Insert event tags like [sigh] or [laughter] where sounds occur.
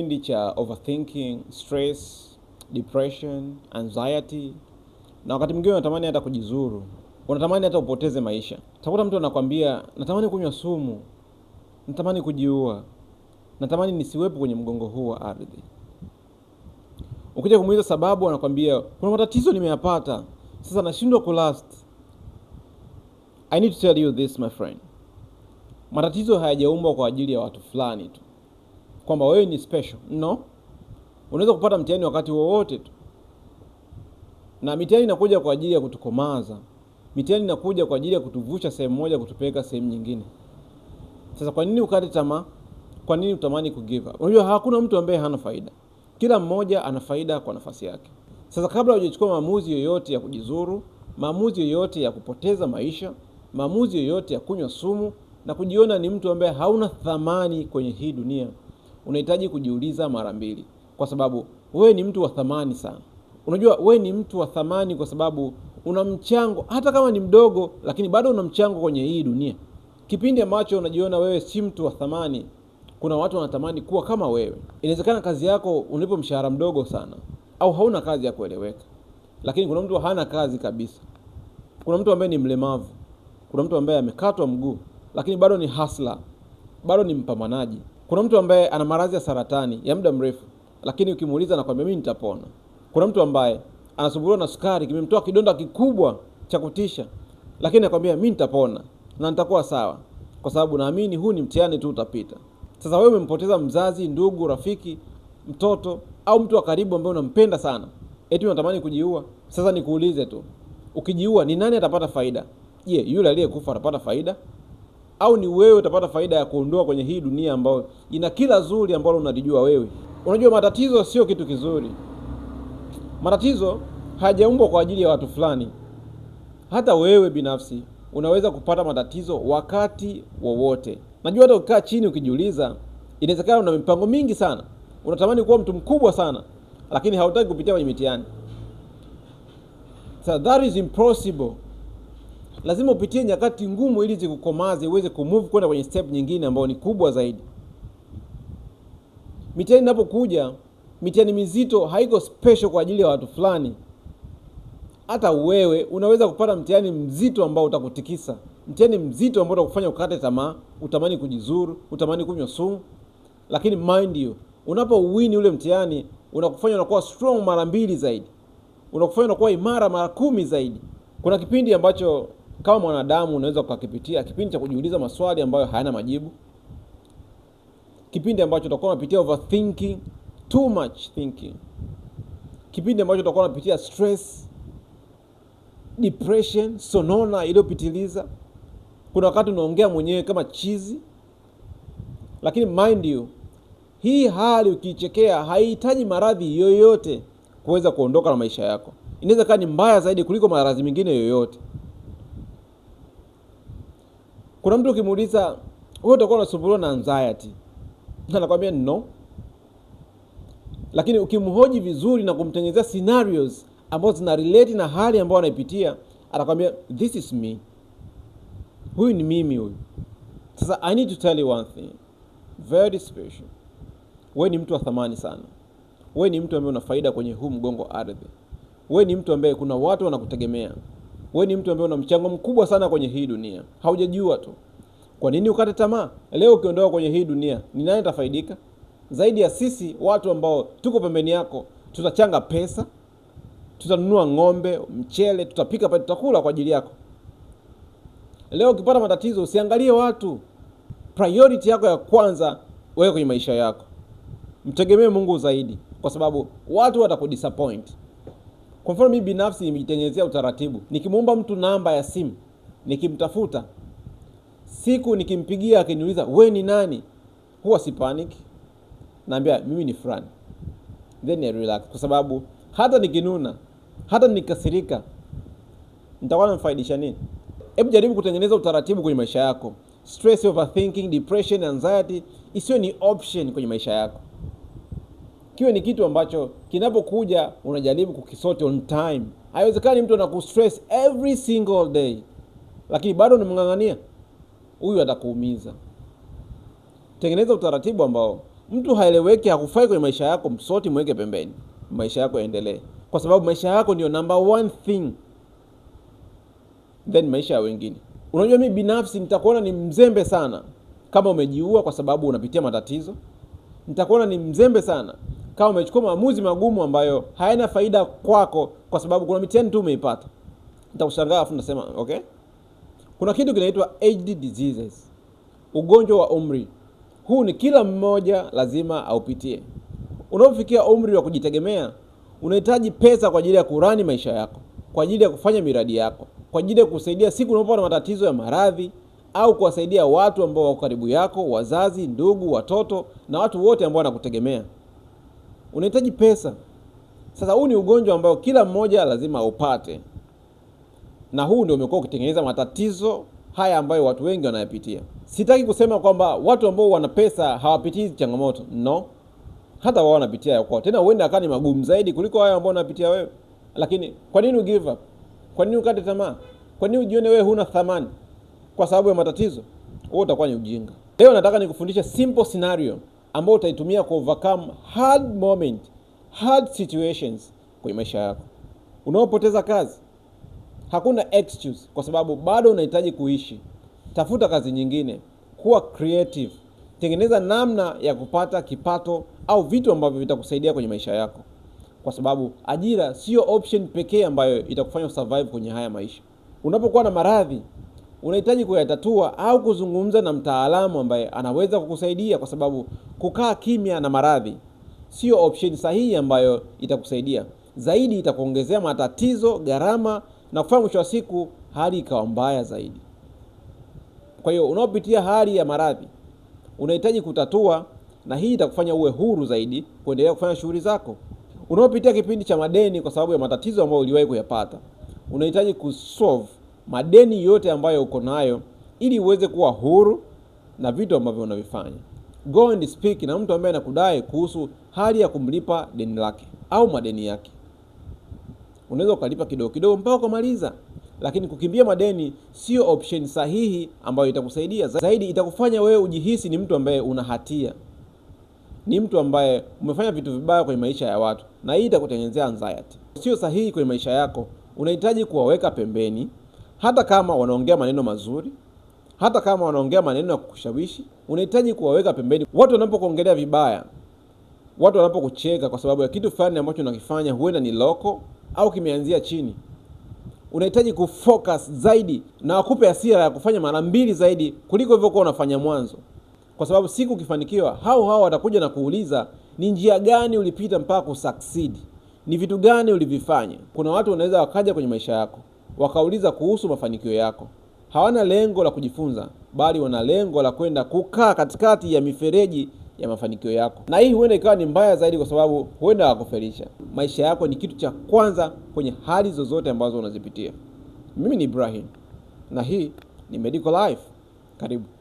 Kipindi cha overthinking, stress, depression, anxiety na wakati mwingine unatamani hata kujizuru, unatamani hata upoteze maisha. takuta mtu anakwambia, natamani kunywa sumu, natamani kujiua, natamani nisiwepo kwenye mgongo huu wa ardhi. Ukija kumuuliza sababu, anakwambia kuna matatizo nimeyapata, sasa nashindwa kulast. I need to tell you this my friend, matatizo hayajaumbwa kwa ajili ya watu fulani tu kwamba wewe ni special no. Unaweza kupata mtihani wakati wowote tu, na mitihani inakuja kwa ajili ya kutukomaza. Mitihani inakuja kwa ajili ya kutuvusha sehemu moja kutupeleka sehemu nyingine. Sasa kwa nini ukate tamaa? Kwa nini utamani ku give up? Unajua hakuna mtu ambaye hana faida, kila mmoja ana faida kwa nafasi yake. Sasa kabla hujachukua maamuzi yoyote ya kujizuru, maamuzi yoyote ya kupoteza maisha, maamuzi yoyote ya kunywa sumu na kujiona ni mtu ambaye hauna thamani kwenye hii dunia unahitaji kujiuliza mara mbili, kwa sababu wewe ni mtu wa thamani sana. Unajua wewe ni mtu wa thamani kwa sababu una mchango, hata kama ni mdogo, lakini bado una mchango kwenye hii dunia. Kipindi ambacho unajiona wewe si mtu wa thamani, kuna watu wanatamani kuwa kama wewe. Inawezekana kazi yako ulipo mshahara mdogo sana, au hauna kazi ya kueleweka, lakini kuna mtu hana kazi kabisa. Kuna mtu ambaye ni mlemavu, kuna mtu ambaye amekatwa mguu, lakini bado ni hasla, bado ni mpambanaji. Kuna mtu ambaye ana maradhi ya saratani ya muda mrefu, lakini ukimuuliza kwambia mimi nitapona. Kuna mtu ambaye anasumbuliwa na sukari, kimemtoa kidonda kikubwa cha kutisha, lakini anakwambia mimi nitapona na nitakuwa sawa, kwa sababu naamini huu ni mtihani tu, utapita. Sasa wewe umempoteza mzazi, ndugu, rafiki, mtoto au mtu wa karibu ambaye unampenda sana, eti unatamani kujiua. Sasa nikuulize tu, ukijiua ni nani atapata faida? Je, yule aliyekufa atapata faida? au ni wewe utapata faida ya kuondoa kwenye hii dunia ambayo ina kila zuri ambalo unalijua wewe. Unajua, matatizo sio kitu kizuri. Matatizo hajaumbwa kwa ajili ya watu fulani. Hata wewe binafsi unaweza kupata matatizo wakati wowote. Najua hata ukikaa chini ukijiuliza, inawezekana una mipango mingi sana, unatamani kuwa mtu mkubwa sana, lakini hautaki kupitia kwenye mitihani. So that is impossible lazima upitie nyakati ngumu ili zikukomaze uweze kumove kwenda kwenye step nyingine ambayo ni kubwa zaidi. Mitihani inapokuja, mitihani mizito haiko special kwa ajili ya watu fulani. Hata wewe unaweza kupata mtihani mzito ambao utakutikisa, mtihani mzito ambao utakufanya ukate tamaa, utamani kujizuru, utamani kunywa sumu. Lakini mind you, unapouwini ule mtihani unakufanya unakuwa strong mara mbili zaidi, unakufanya unakuwa imara mara kumi zaidi. Kuna kipindi ambacho kama mwanadamu unaweza ukakipitia kipindi cha kujiuliza maswali ambayo hayana majibu, kipindi ambacho utakuwa unapitia overthinking, too much thinking, kipindi ambacho utakuwa unapitia stress, depression, sonona iliyopitiliza. Kuna wakati unaongea mwenyewe kama chizi, lakini mind you, hii hali ukiichekea haihitaji maradhi yoyote kuweza kuondoka na maisha yako. Inaweza kaa ni mbaya zaidi kuliko maradhi mengine yoyote. Kuna mtu ukimuuliza wewe utakuwa unasumbuliwa na anxiety, [laughs] anakwambia no, lakini ukimhoji vizuri na kumtengenezea scenarios ambazo zina relate na hali ambayo anaipitia, atakwambia this is me, huyu ni mimi huyu. Sasa I need to tell you one thing very special, we ni mtu wa thamani sana, we ni mtu ambaye una faida kwenye huu mgongo ardhi, we ni mtu ambaye kuna watu wanakutegemea wewe ni mtu ambaye una mchango mkubwa sana kwenye hii dunia, haujajua tu. Kwa nini ukate tamaa? Leo ukiondoka kwenye hii dunia, ni nani atafaidika zaidi ya sisi watu ambao tuko pembeni yako? Tutachanga pesa, tutanunua ng'ombe, mchele, tutapika pale, tutakula kwa ajili yako. Leo ukipata matatizo, usiangalie watu. Priority yako ya kwanza wewe kwenye maisha yako, mtegemee Mungu zaidi, kwa sababu watu watakudisappoint. Kwa mfano mimi binafsi nimejitengenezea utaratibu, nikimwomba mtu namba ya simu, nikimtafuta siku, nikimpigia akiniuliza we ni nani, huwa panic, naambia mimi ni fulani, then I relax, kwa sababu hata nikinuna, hata nikasirika, nitakuwa namfaidisha nini? Hebu jaribu kutengeneza utaratibu kwenye maisha yako. Stress, overthinking, depression, anxiety isiyo ni option kwenye maisha yako kiwe ni kitu ambacho kinapokuja unajaribu kukisote on time. Haiwezekani mtu anakustress every single day, lakini bado unamng'ang'ania, huyu atakuumiza. Tengeneza utaratibu ambao mtu haeleweki, hakufai kwenye maisha yako, msoti, mweke pembeni, maisha yako yaendelee, kwa sababu maisha yako ndio number one thing, then maisha ya wengine. Unajua, mi binafsi nitakuona ni mzembe sana kama umejiua kwa sababu unapitia matatizo, nitakuona ni mzembe sana kama umechukua maamuzi magumu ambayo hayana faida kwako, kwa sababu kuna mitihani tu umeipata. Nitakushangaa afu nasema okay, kuna kitu kinaitwa age diseases, ugonjwa wa umri. Huu ni kila mmoja lazima aupitie. Unapofikia umri wa kujitegemea, unahitaji pesa kwa ajili ya kurani maisha yako, kwa ajili ya kufanya miradi yako, kwa ajili ya kusaidia siku na matatizo ya maradhi au kuwasaidia watu ambao wako karibu yako, wazazi, ndugu, watoto na watu wote ambao wanakutegemea unahitaji pesa. Sasa huu ni ugonjwa ambao kila mmoja lazima upate na huu ndio umekuwa ukitengeneza matatizo haya ambayo watu wengi wanayapitia. Sitaki kusema kwamba watu ambao wana pesa hawapitii hizi changamoto, no, hata wao wanapitia yako, tena huenda akawa ni magumu zaidi kuliko hayo ambao unapitia wewe. Lakini kwa nini ugive up? Kwa nini ukate tamaa? Kwa nini ujione wewe huna thamani kwa sababu ya matatizo? Wewe utakuwa ni ujinga. Leo nataka nikufundishe simple scenario ambayo utaitumia ku overcome hard moment, hard situations kwenye maisha yako. Unaopoteza kazi, hakuna excuse, kwa sababu bado unahitaji kuishi. Tafuta kazi nyingine, kuwa creative, tengeneza namna ya kupata kipato au vitu ambavyo vitakusaidia kwenye maisha yako, kwa sababu ajira siyo option pekee ambayo itakufanya survive kwenye haya maisha. Unapokuwa na maradhi unahitaji kuyatatua au kuzungumza na mtaalamu ambaye anaweza kukusaidia, kwa sababu kukaa kimya na maradhi sio option sahihi ambayo itakusaidia zaidi, itakuongezea matatizo, gharama na kufanya mwisho wa siku hali ikawa mbaya zaidi. Kwa hiyo unaopitia hali ya maradhi unahitaji kutatua, na hii itakufanya uwe huru zaidi kuendelea kufanya shughuli zako. Unaopitia kipindi cha madeni kwa sababu ya matatizo ambayo uliwahi kuyapata unahitaji kusolve madeni yote ambayo uko nayo, ili uweze kuwa huru na vitu ambavyo unavifanya. Go and speak na mtu ambaye anakudai kuhusu hali ya kumlipa deni lake au madeni yake. Unaweza ukalipa kidogo kidogo mpaka ukamaliza, lakini kukimbia madeni sio option sahihi ambayo itakusaidia zaidi. Itakufanya wewe ujihisi ni mtu ambaye una hatia, ni mtu ambaye umefanya vitu vibaya kwenye maisha ya watu, na hii itakutengenezea anxiety. Sio sahihi kwenye maisha yako. Unahitaji kuwaweka pembeni hata kama wanaongea maneno mazuri, hata kama wanaongea maneno ya kukushawishi, unahitaji kuwaweka pembeni. Watu wanapokuongelea vibaya, watu wanapokucheka kwa sababu ya kitu fulani ambacho unakifanya, huenda ni loko au kimeanzia chini, unahitaji kufocus zaidi na wakupe asira ya kufanya mara mbili zaidi kuliko ilivyokuwa unafanya mwanzo, kwa sababu siku ukifanikiwa, hao hao watakuja na kuuliza ni njia gani ulipita mpaka kusaksidi ni vitu gani ulivifanya. Kuna watu wanaweza wakaja kwenye maisha yako wakauliza kuhusu mafanikio yako. Hawana lengo la kujifunza, bali wana lengo la kwenda kukaa katikati ya mifereji ya mafanikio yako, na hii huenda ikawa ni mbaya zaidi, kwa sababu huenda wakufelisha. Maisha yako ni kitu cha kwanza kwenye hali zozote ambazo unazipitia. Mimi ni Ibrahim na hii ni Medical Life. Karibu.